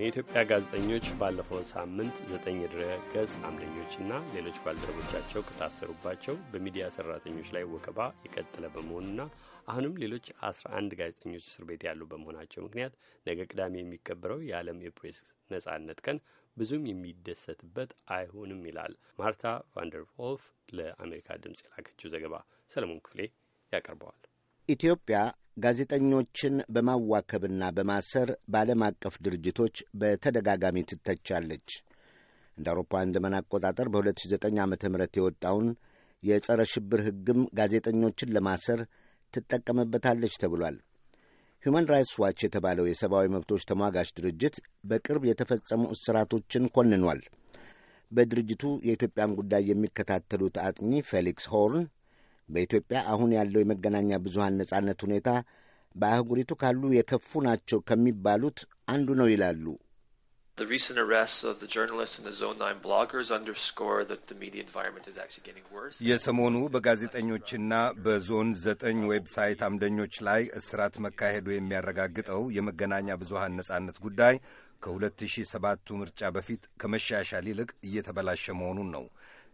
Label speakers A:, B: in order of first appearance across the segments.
A: የኢትዮጵያ ጋዜጠኞች ባለፈው ሳምንት ዘጠኝ ድረ ገጽ አምደኞችና ሌሎች ባልደረቦቻቸው ከታሰሩባቸው በሚዲያ ሰራተኞች ላይ ወከባ የቀጠለ በመሆኑና አሁንም ሌሎች አስራ አንድ ጋዜጠኞች እስር ቤት ያሉ በመሆናቸው ምክንያት ነገ ቅዳሜ የሚከበረው የዓለም የፕሬስ ነጻነት ቀን ብዙም የሚደሰትበት አይሆንም ይላል ማርታ ቫንደርቮልፍ ለአሜሪካ ድምፅ የላከችው ዘገባ። ሰለሞን ክፍሌ ያቀርበዋል። ኢትዮጵያ ጋዜጠኞችን በማዋከብና በማሰር በዓለም አቀፍ ድርጅቶች በተደጋጋሚ ትተቻለች። እንደ አውሮፓውያን ዘመን አቆጣጠር በ2009 ዓ ም የወጣውን የጸረ ሽብር ሕግም ጋዜጠኞችን ለማሰር ትጠቀምበታለች ተብሏል። ሁማን ራይትስ ዋች የተባለው የሰብአዊ መብቶች ተሟጋች ድርጅት በቅርብ የተፈጸሙ እስራቶችን ኮንኗል። በድርጅቱ የኢትዮጵያን ጉዳይ የሚከታተሉት አጥኚ ፌሊክስ ሆርን በኢትዮጵያ አሁን ያለው የመገናኛ ብዙሃን ነጻነት ሁኔታ በአህጉሪቱ ካሉ የከፉ ናቸው ከሚባሉት አንዱ ነው ይላሉ። የሰሞኑ
B: በጋዜጠኞችና በዞን ዘጠኝ ዌብሳይት አምደኞች ላይ እስራት መካሄዱ የሚያረጋግጠው የመገናኛ ብዙሃን ነጻነት ጉዳይ ከ2007ቱ ምርጫ በፊት ከመሻሻል ይልቅ እየተበላሸ መሆኑን ነው።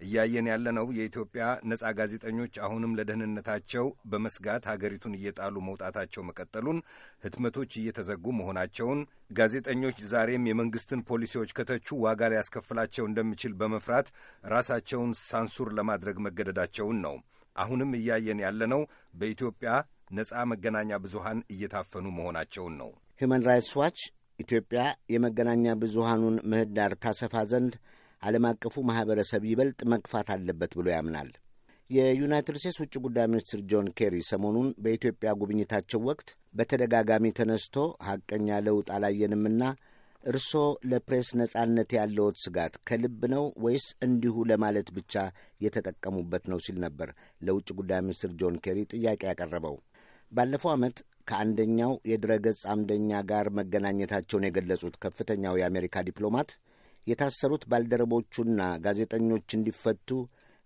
B: እያየን ያለነው የኢትዮጵያ ነጻ ጋዜጠኞች አሁንም ለደህንነታቸው በመስጋት ሀገሪቱን እየጣሉ መውጣታቸው መቀጠሉን፣ ህትመቶች እየተዘጉ መሆናቸውን፣ ጋዜጠኞች ዛሬም የመንግስትን ፖሊሲዎች ከተቹ ዋጋ ሊያስከፍላቸው እንደሚችል በመፍራት ራሳቸውን ሳንሱር ለማድረግ መገደዳቸውን ነው። አሁንም እያየን ያለነው በኢትዮጵያ ነጻ መገናኛ ብዙሃን እየታፈኑ መሆናቸውን ነው።
A: ሁማን ራይትስ ዋች ኢትዮጵያ የመገናኛ ብዙሃኑን ምህዳር ታሰፋ ዘንድ ዓለም አቀፉ ማኅበረሰብ ይበልጥ መግፋት አለበት ብሎ ያምናል። የዩናይትድ ስቴትስ ውጭ ጉዳይ ሚኒስትር ጆን ኬሪ ሰሞኑን በኢትዮጵያ ጉብኝታቸው ወቅት በተደጋጋሚ ተነስቶ ሐቀኛ ለውጥ አላየንምና እርስዎ ለፕሬስ ነጻነት ያለዎት ስጋት ከልብ ነው ወይስ እንዲሁ ለማለት ብቻ የተጠቀሙበት ነው ሲል ነበር ለውጭ ጉዳይ ሚኒስትር ጆን ኬሪ ጥያቄ ያቀረበው። ባለፈው ዓመት ከአንደኛው የድረገጽ አምደኛ ጋር መገናኘታቸውን የገለጹት ከፍተኛው የአሜሪካ ዲፕሎማት የታሰሩት ባልደረቦቹና ጋዜጠኞች እንዲፈቱ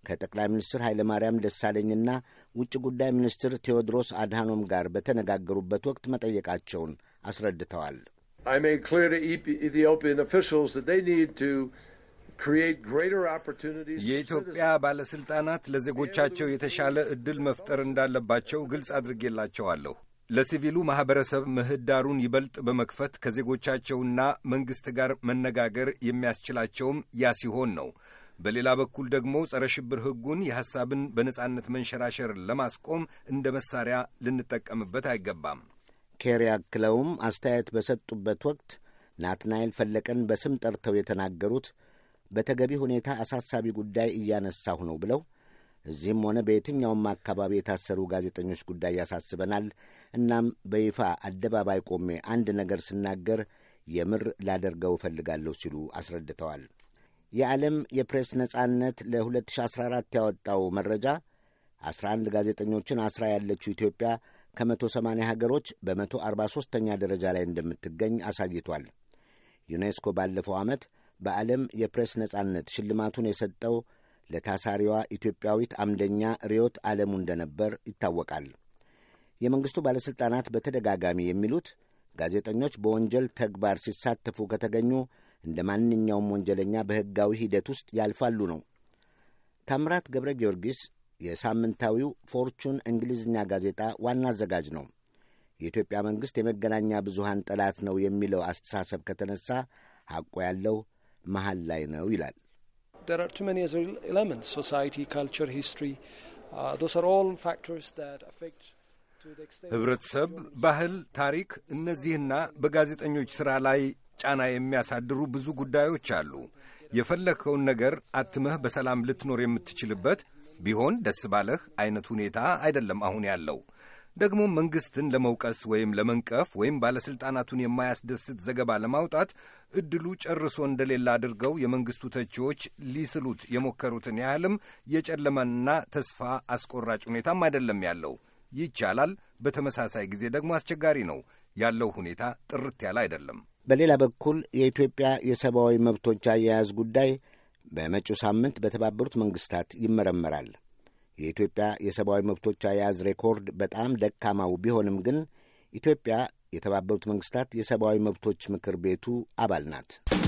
A: ከጠቅላይ ሚኒስትር ኃይለማርያም ደሳለኝና ውጭ ጉዳይ ሚኒስትር ቴዎድሮስ አድሃኖም ጋር በተነጋገሩበት ወቅት መጠየቃቸውን አስረድተዋል። e የኢትዮጵያ
B: ባለሥልጣናት ለዜጎቻቸው የተሻለ ዕድል መፍጠር እንዳለባቸው ግልጽ አድርጌላቸዋለሁ። ለሲቪሉ ማኅበረሰብ ምህዳሩን ይበልጥ በመክፈት ከዜጎቻቸውና መንግሥት ጋር መነጋገር የሚያስችላቸውም ያ ሲሆን ነው። በሌላ በኩል ደግሞ ጸረ ሽብር ሕጉን የሐሳብን በነጻነት መንሸራሸር ለማስቆም እንደ መሳሪያ ልንጠቀምበት አይገባም።
A: ኬር ያክለውም አስተያየት በሰጡበት ወቅት ናትናኤል ፈለቀን በስም ጠርተው የተናገሩት በተገቢ ሁኔታ አሳሳቢ ጉዳይ እያነሳሁ ነው ብለው እዚህም ሆነ በየትኛውም አካባቢ የታሰሩ ጋዜጠኞች ጉዳይ ያሳስበናል። እናም በይፋ አደባባይ ቆሜ አንድ ነገር ስናገር የምር ላደርገው እፈልጋለሁ ሲሉ አስረድተዋል። የዓለም የፕሬስ ነጻነት ለ2014 ያወጣው መረጃ 11 ጋዜጠኞችን አስራ ያለችው ኢትዮጵያ ከ180 ሀገሮች በ143ኛ ደረጃ ላይ እንደምትገኝ አሳይቷል። ዩኔስኮ ባለፈው ዓመት በዓለም የፕሬስ ነጻነት ሽልማቱን የሰጠው ለታሳሪዋ ኢትዮጵያዊት አምደኛ ርዮት ዓለሙ እንደነበር ይታወቃል። የመንግሥቱ ባለሥልጣናት በተደጋጋሚ የሚሉት ጋዜጠኞች በወንጀል ተግባር ሲሳተፉ ከተገኙ እንደ ማንኛውም ወንጀለኛ በሕጋዊ ሂደት ውስጥ ያልፋሉ ነው። ታምራት ገብረ ጊዮርጊስ የሳምንታዊው ፎርቹን እንግሊዝኛ ጋዜጣ ዋና አዘጋጅ ነው። የኢትዮጵያ መንግሥት የመገናኛ ብዙሃን ጠላት ነው የሚለው አስተሳሰብ ከተነሳ ሐቆ ያለው መሃል ላይ ነው ይላል።
B: ህብረተሰብ፣ ባህል፣ ታሪክ፣ እነዚህና በጋዜጠኞች ሥራ ላይ ጫና የሚያሳድሩ ብዙ ጉዳዮች አሉ። የፈለግከውን ነገር አትመህ በሰላም ልትኖር የምትችልበት ቢሆን ደስ ባለህ አይነት ሁኔታ አይደለም አሁን ያለው። ደግሞ መንግስትን ለመውቀስ ወይም ለመንቀፍ ወይም ባለሥልጣናቱን የማያስደስት ዘገባ ለማውጣት እድሉ ጨርሶ እንደሌለ አድርገው የመንግስቱ ተቺዎች ሊስሉት የሞከሩትን ያህልም የጨለመና ተስፋ አስቆራጭ ሁኔታም አይደለም ያለው። ይቻላል። በተመሳሳይ ጊዜ ደግሞ አስቸጋሪ ነው ያለው ሁኔታ ጥርት ያለ አይደለም።
A: በሌላ በኩል የኢትዮጵያ የሰብአዊ መብቶች አያያዝ ጉዳይ በመጪው ሳምንት በተባበሩት መንግስታት ይመረመራል። የኢትዮጵያ የሰብአዊ መብቶች አያያዝ ሬኮርድ በጣም ደካማው ቢሆንም ግን ኢትዮጵያ የተባበሩት መንግስታት የሰብአዊ መብቶች ምክር ቤቱ አባል ናት።